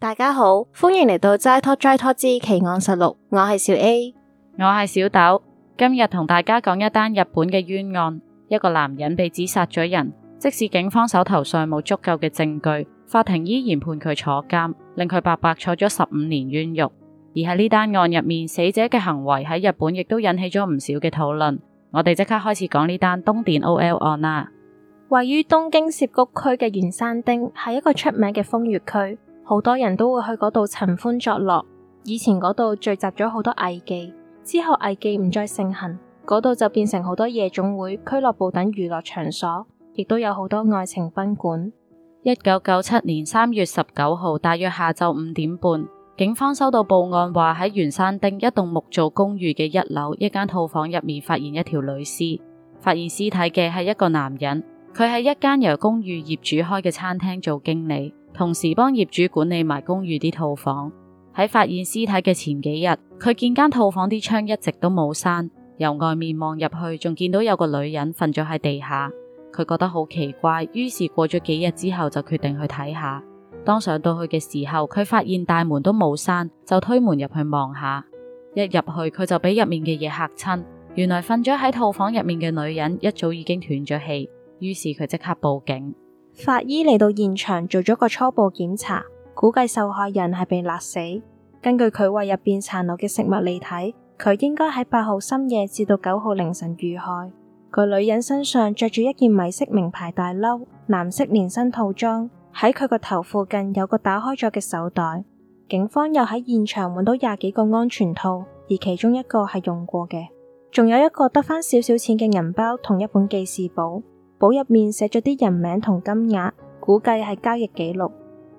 大家好，歡迎嚟到《齋拖齋拖》之奇案實錄。我係小 A，我係小豆。今日同大家講一單日本嘅冤案。一個男人被指殺咗人，即使警方手頭上冇足夠嘅證據，法庭依然判佢坐監，令佢白白坐咗十五年冤獄。而喺呢單案入面，死者嘅行為喺日本亦都引起咗唔少嘅討論。我哋即刻開始講呢單東電 O L 案啦。位於東京涉谷區嘅圓山町係一個出名嘅風月區。好多人都會去嗰度尋歡作樂。以前嗰度聚集咗好多藝妓，之後藝妓唔再盛行，嗰度就變成好多夜總會、俱樂部等娛樂場所，亦都有好多愛情賓館。一九九七年三月十九號，大約下晝五點半，警方收到報案，話喺圓山町一棟木造公寓嘅一樓一間套房入面發現一條女屍。發現屍體嘅係一個男人，佢喺一間由公寓業主開嘅餐廳做經理。同時幫業主管理埋公寓啲套房。喺發現屍體嘅前幾日，佢見間套房啲窗一直都冇閂，由外面望入去，仲見到有個女人瞓咗喺地下。佢覺得好奇怪，於是過咗幾日之後就決定去睇下。當上到去嘅時候，佢發現大門都冇閂，就推門入去望下。一入去，佢就俾入面嘅嘢吓親。原來瞓咗喺套房入面嘅女人一早已經斷咗氣，於是佢即刻報警。法醫嚟到現場做咗個初步檢查，估計受害人係被勒死。根據佢胃入邊殘留嘅食物嚟睇，佢應該喺八號深夜至到九號凌晨遇害。個女人身上着住一件米色名牌大褸、藍色連身套裝，喺佢個頭附近有個打開咗嘅手袋。警方又喺現場揾到廿幾個安全套，而其中一個係用過嘅，仲有一個得返少少錢嘅銀包同一本記事簿，簿入面寫咗啲人名同金額，估計係交易記錄。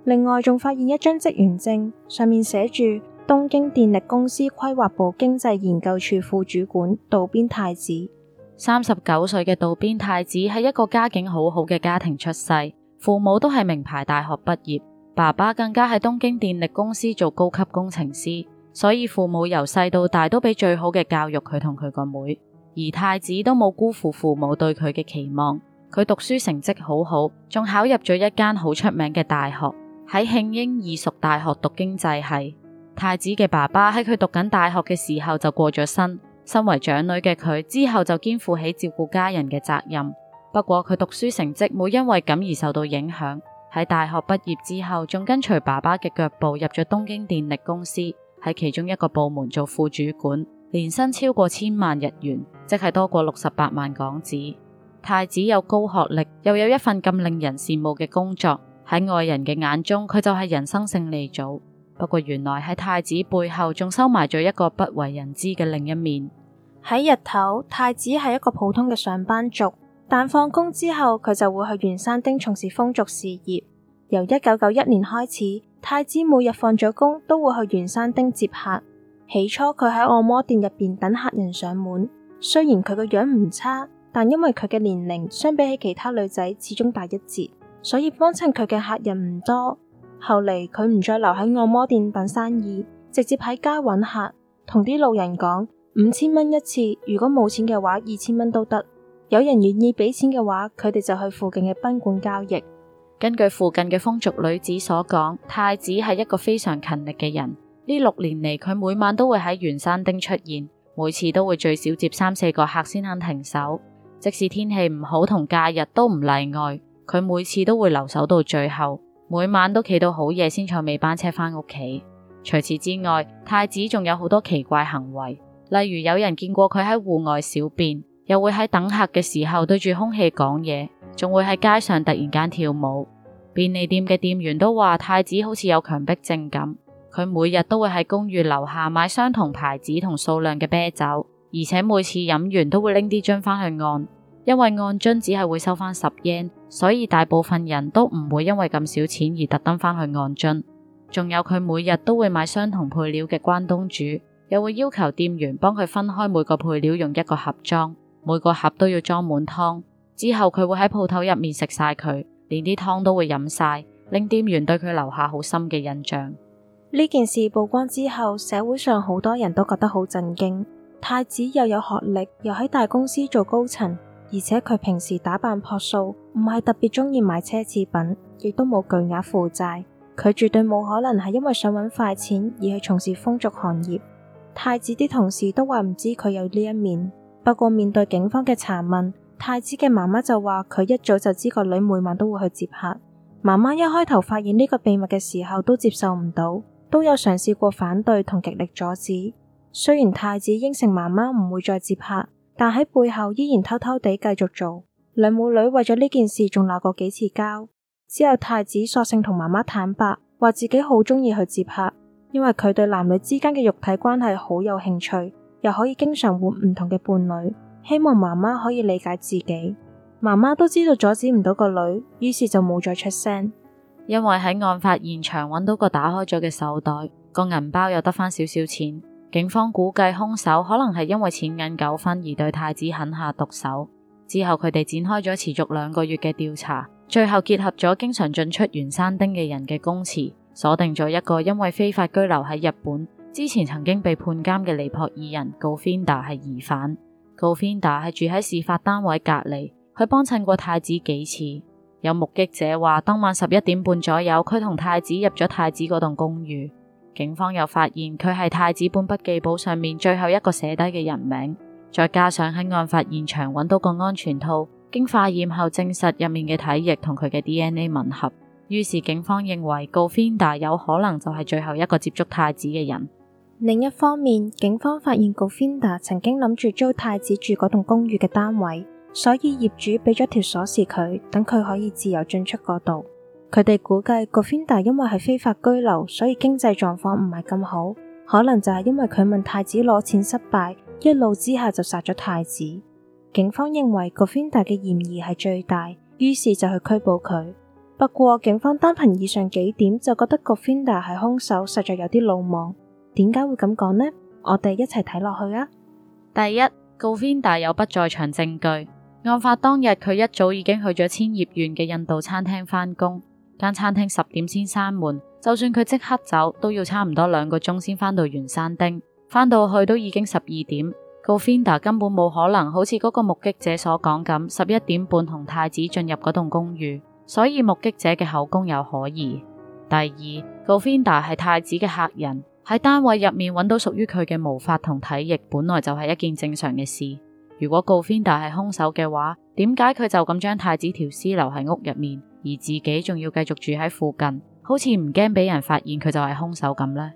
另外仲發現一張職員證，上面寫住東京電力公司規劃部經濟研究處副主管渡邊泰子。三十九歲嘅渡邊泰子係一個家境好好嘅家庭出世，父母都係名牌大學畢業，爸爸更加喺東京電力公司做高級工程師，所以父母由細到大都俾最好嘅教育佢同佢個妹，而泰子都冇辜負父母對佢嘅期望。佢讀書成績好好，仲考入咗一間好出名嘅大學，喺慶應義塾大學讀經濟系。泰子嘅爸爸喺佢讀緊大學嘅時候就過咗身，身為長女嘅佢之後就肩負起照顧家人嘅責任。不過佢讀書成績冇因為咁而受到影響，喺大學畢業之後，仲跟隨爸爸嘅腳步入咗東京電力公司，喺其中一個部門做副主管，年薪超過千萬日元，即係多過六十八萬港紙。泰子有高學歷，又有一份咁令人羨慕嘅工作，喺外人嘅眼中，佢就係人生勝利組。不過原來喺泰子背後仲收埋咗一個不為人知嘅另一面。喺日頭，泰子係一個普通嘅上班族，但放工之後佢就會去圓山町從事風俗事業。由一九九一年開始，泰子每日放咗工都會去圓山町接客。起初佢喺按摩店入邊等客人上門，雖然佢個樣唔差。但因為佢嘅年齡相比起其他女仔始終大一截，所以幫襯佢嘅客人唔多。後嚟佢唔再留喺按摩店等生意，直接喺街揾客，同啲路人講五千蚊一次，如果冇錢嘅話二千蚊都得。有人願意俾錢嘅話，佢哋就去附近嘅賓館交易。根據附近嘅風俗女子所講，泰子係一個非常勤力嘅人。呢六年嚟，佢每晚都會喺圓山町出現，每次都會最少接三四個客先肯停手。即使天氣唔好同假日都唔例外，佢每次都會留守到最後，每晚都企到好夜先坐尾班車返屋企。除此之外，泰子仲有好多奇怪行為，例如有人見過佢喺戶外小便，又會喺等客嘅時候對住空氣講嘢，仲會喺街上突然間跳舞。便利店嘅店員都話，泰子好似有強迫症咁，佢每日都會喺公寓樓下買相同牌子同數量嘅啤酒。而且每次飲完都會拎啲樽翻去按，因為按樽只係會收翻十 yen，所以大部分人都唔會因為咁少錢而特登返去按樽。仲有佢每日都會買相同配料嘅關東煮，又會要求店員幫佢分開每個配料用一個盒裝，每個盒都要裝滿湯，之後佢會喺鋪頭入面食晒佢，連啲湯都會飲晒，令店員對佢留下好深嘅印象。呢件事曝光之後，社會上好多人都覺得好震驚。泰子又有學歷，又喺大公司做高層，而且佢平時打扮樸素，唔係特別中意買奢侈品，亦都冇巨額負債。佢絕對冇可能係因為想揾快錢而去從事風俗行業。泰子啲同事都話唔知佢有呢一面。不過面對警方嘅查問，泰子嘅媽媽就話佢一早就知個女每晚都會去接客。媽媽一開頭發現呢個秘密嘅時候都接受唔到，都有嘗試過反對同極力阻止。雖然泰子應承媽媽唔會再接客，但喺背後依然偷偷地繼續做。兩母女為咗呢件事仲鬧過幾次交。之後泰子索性同媽媽坦白，話自己好鍾意去接客，因為佢對男女之間嘅肉體關係好有興趣，又可以經常換唔同嘅伴侶，希望媽媽可以理解自己。媽媽都知道阻止唔到個女，於是就冇再出聲。因為喺案發現場揾到個打開咗嘅手袋，個銀包又得返少少錢。警方估計兇手可能係因為錢銀糾紛而對太子狠下毒手。之後佢哋展開咗持續兩個月嘅調查，最後結合咗經常進出圓山町嘅人嘅供詞，鎖定咗一個因為非法居留喺日本、之前曾經被判監嘅尼泊爾人。Govinda 係疑犯，Govinda 係住喺事發單位隔籬，佢幫襯過太子幾次。有目擊者話，當晚十一點半左右，佢同太子入咗太子嗰棟公寓。警方又發現佢係太子本筆記簿上面最後一個寫低嘅人名，再加上喺案發現場揾到個安全套，經化驗後證實入面嘅體液同佢嘅 DNA 吻合，於是警方認為高 f e n d e 有可能就係最後一個接觸太子嘅人。另一方面，警方發現高 f e n d e 曾經諗住租太子住嗰棟公寓嘅單位，所以業主俾咗條鎖匙佢，等佢可以自由進出嗰度。佢哋估計個 Govinda 因為係非法居留，所以經濟狀況唔係咁好，可能就係因為佢問太子攞錢失敗，一怒之下就殺咗太子。警方認為個 Govinda 嘅嫌疑係最大，於是就去拘捕佢。不過警方單憑以上幾點就覺得個 Govinda 係凶手，實在有啲魯莽。點解會咁講呢？我哋一齊睇落去啊！第一，個 Govinda 有不在場證據，案發當日佢一早已經去咗千葉縣嘅印度餐廳翻工。間餐廳十點先閂門，就算佢即刻走，都要差唔多兩個鐘先返到圓山町。返到去都已經十二點，Govinda 根本冇可能，好似嗰個目擊者所講咁，十一點半同太子進入嗰棟公寓，所以目擊者嘅口供有可疑。第二，Govinda 係太子嘅客人，喺單位入面揾到屬於佢嘅毛發同體液，本來就係一件正常嘅事。如果 Govinda 係凶手嘅話，點解佢就咁將太子條屍留喺屋入面？而自己仲要繼續住喺附近，好似唔驚俾人發現佢就係兇手咁呢。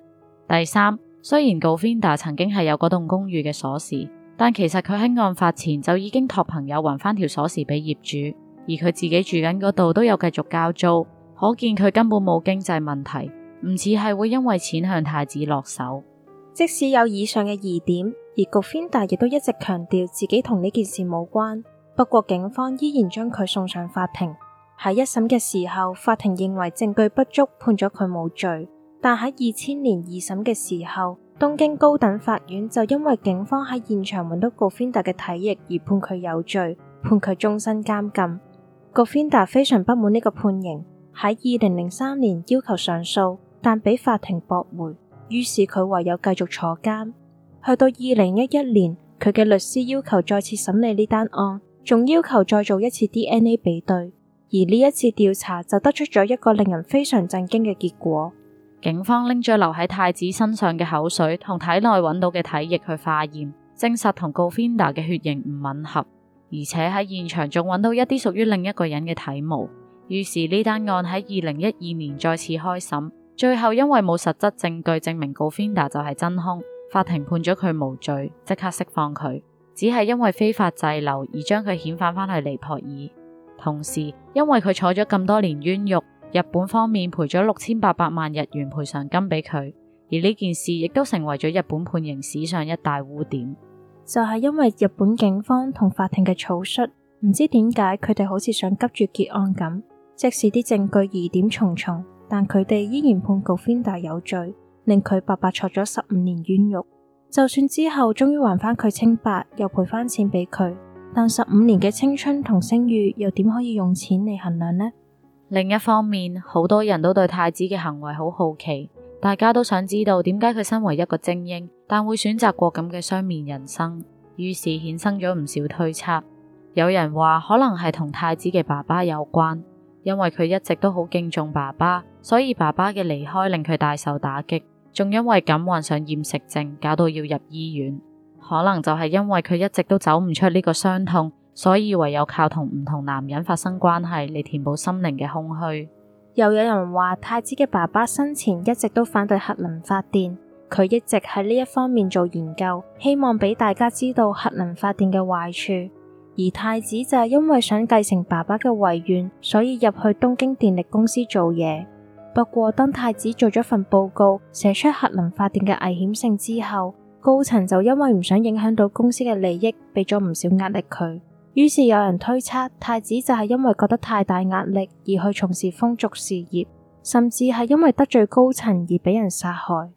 第三，雖然 Govinda 曾經係有嗰棟公寓嘅鎖匙，但其實佢喺案發前就已經託朋友還翻條鎖匙俾業主，而佢自己住緊嗰度都有繼續交租，可見佢根本冇經濟問題，唔似係會因為錢向太子落手。即使有以上嘅疑點，而 Govinda 亦都一直強調自己同呢件事冇關，不過警方依然將佢送上法庭。喺一審嘅時候，法庭認為證據不足，判咗佢冇罪。但喺二千年二審嘅時候，東京高等法院就因為警方喺現場揾到 Govinda 嘅體液而判佢有罪，判佢終身監禁。Govinda 非常不滿呢個判刑，喺二零零三年要求上訴，但俾法庭駁回。於是佢唯有繼續坐監。去到二零一一年，佢嘅律師要求再次審理呢單案，仲要求再做一次 DNA 比對。而呢一次調查就得出咗一個令人非常震驚嘅結果。警方拎咗留喺泰子身上嘅口水同體內揾到嘅體液去化驗，證實同 Govinda 嘅血型唔吻合，而且喺現場仲揾到一啲屬於另一個人嘅體毛。於是呢單案喺二零一二年再次開審，最後因為冇實質證據證明 Govinda 就係真兇，法庭判咗佢無罪，即刻釋放佢，只係因為非法滯留而將佢遣返返去尼泊爾。同時，因為佢坐咗咁多年冤獄，日本方面賠咗六千八百萬日元賠償金俾佢，而呢件事亦都成為咗日本判刑史上一大污點。就係因為日本警方同法庭嘅草率，唔知點解佢哋好似想急住結案咁，即使啲證據疑點重重，但佢哋依然判告 Govinda 有罪，令佢白白坐咗十五年冤獄。就算之後終於還返佢清白，又賠翻錢俾佢。但十五年嘅青春同聲譽又點可以用錢嚟衡量呢？另一方面，好多人都對泰子嘅行為好好奇，大家都想知道點解佢身為一個精英，但會選擇過咁嘅雙面人生，於是衍生咗唔少推測。有人話可能係同泰子嘅爸爸有關，因為佢一直都好敬重爸爸，所以爸爸嘅離開令佢大受打擊，仲因為咁患上厭食症，搞到要入醫院。可能就係因為佢一直都走唔出呢個傷痛，所以唯有靠同唔同男人發生關係嚟填補心靈嘅空虛。又有人話，泰子嘅爸爸生前一直都反對核能發電，佢一直喺呢一方面做研究，希望俾大家知道核能發電嘅壞處。而泰子就係因為想繼承爸爸嘅遺願，所以入去東京電力公司做嘢。不過當泰子做咗份報告，寫出核能發電嘅危險性之後，高層就因為唔想影響到公司嘅利益，俾咗唔少壓力佢。於是有人推測泰子就係因為覺得太大壓力而去從事風俗事業，甚至係因為得罪高層而俾人殺害。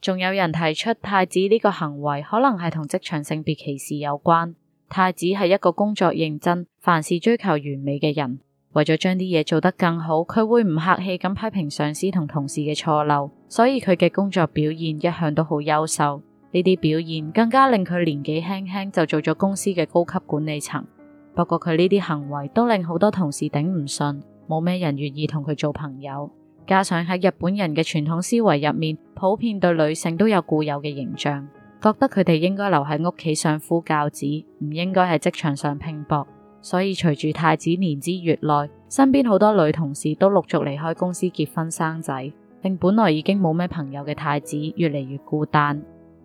仲有人提出泰子呢個行為可能係同職場性別歧視有關。泰子係一個工作認真、凡事追求完美嘅人，為咗將啲嘢做得更好，佢會唔客氣咁批評上司同同事嘅錯漏，所以佢嘅工作表現一向都好優秀。呢啲表現更加令佢年紀輕輕就做咗公司嘅高級管理層。不過佢呢啲行為都令好多同事頂唔順，冇咩人願意同佢做朋友。加上喺日本人嘅傳統思維入面，普遍對女性都有固有嘅形象，覺得佢哋應該留喺屋企相夫教子，唔應該喺職場上拼搏。所以隨住泰子年資越耐，身邊好多女同事都陸續離開公司結婚生仔，令本來已經冇咩朋友嘅泰子越嚟越孤單。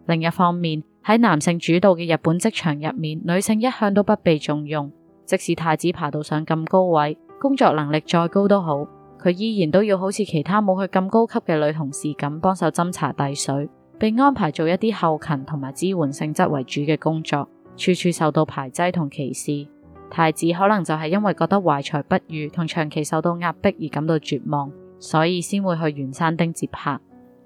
另一方面，喺男性主導嘅日本職場入面，女性一向都不被重用。即使泰子爬到上咁高位，工作能力再高都好，佢依然都要好似其他冇佢咁高級嘅女同事咁，幫手斟茶遞水，並安排做一啲後勤同埋支援性質為主嘅工作，處處受到排擠同歧視。泰子可能就係因為覺得懷才不遇同長期受到壓迫而感到絕望，所以先會去圓山町接客。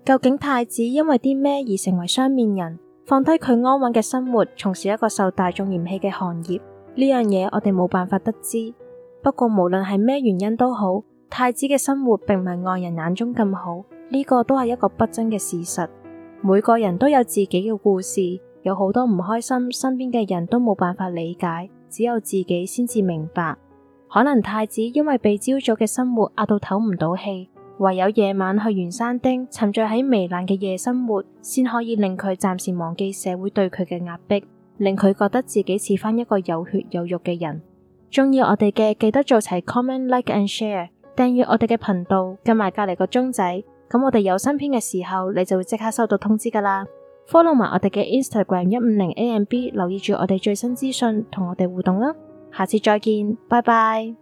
究竟泰子因為啲咩而成為雙面人？放低佢安穩嘅生活，從事一個受大眾嫌棄嘅行業，呢樣嘢我哋冇辦法得知。不過無論係咩原因都好，泰子嘅生活並唔係外人眼中咁好，呢個都係一個不爭嘅事實。每個人都有自己嘅故事，有好多唔開心，身邊嘅人都冇辦法理解，只有自己先至明白。可能泰子因為被朝早嘅生活壓到唞唔到氣。唯有夜晚去圓山町，沉醉喺糜爛嘅夜生活，先可以令佢暫時忘記社會對佢嘅壓迫，令佢覺得自己似翻一個有血有肉嘅人。中意我哋嘅記得做齊 comment、like and share，訂閱我哋嘅頻道，撳埋隔籬個鐘仔，咁我哋有新片嘅時候，你就會即刻收到通知噶啦。Follow 埋我哋嘅 Instagram 一五零 AMB，留意住我哋最新資訊，同我哋互動啦。下次再見，拜拜。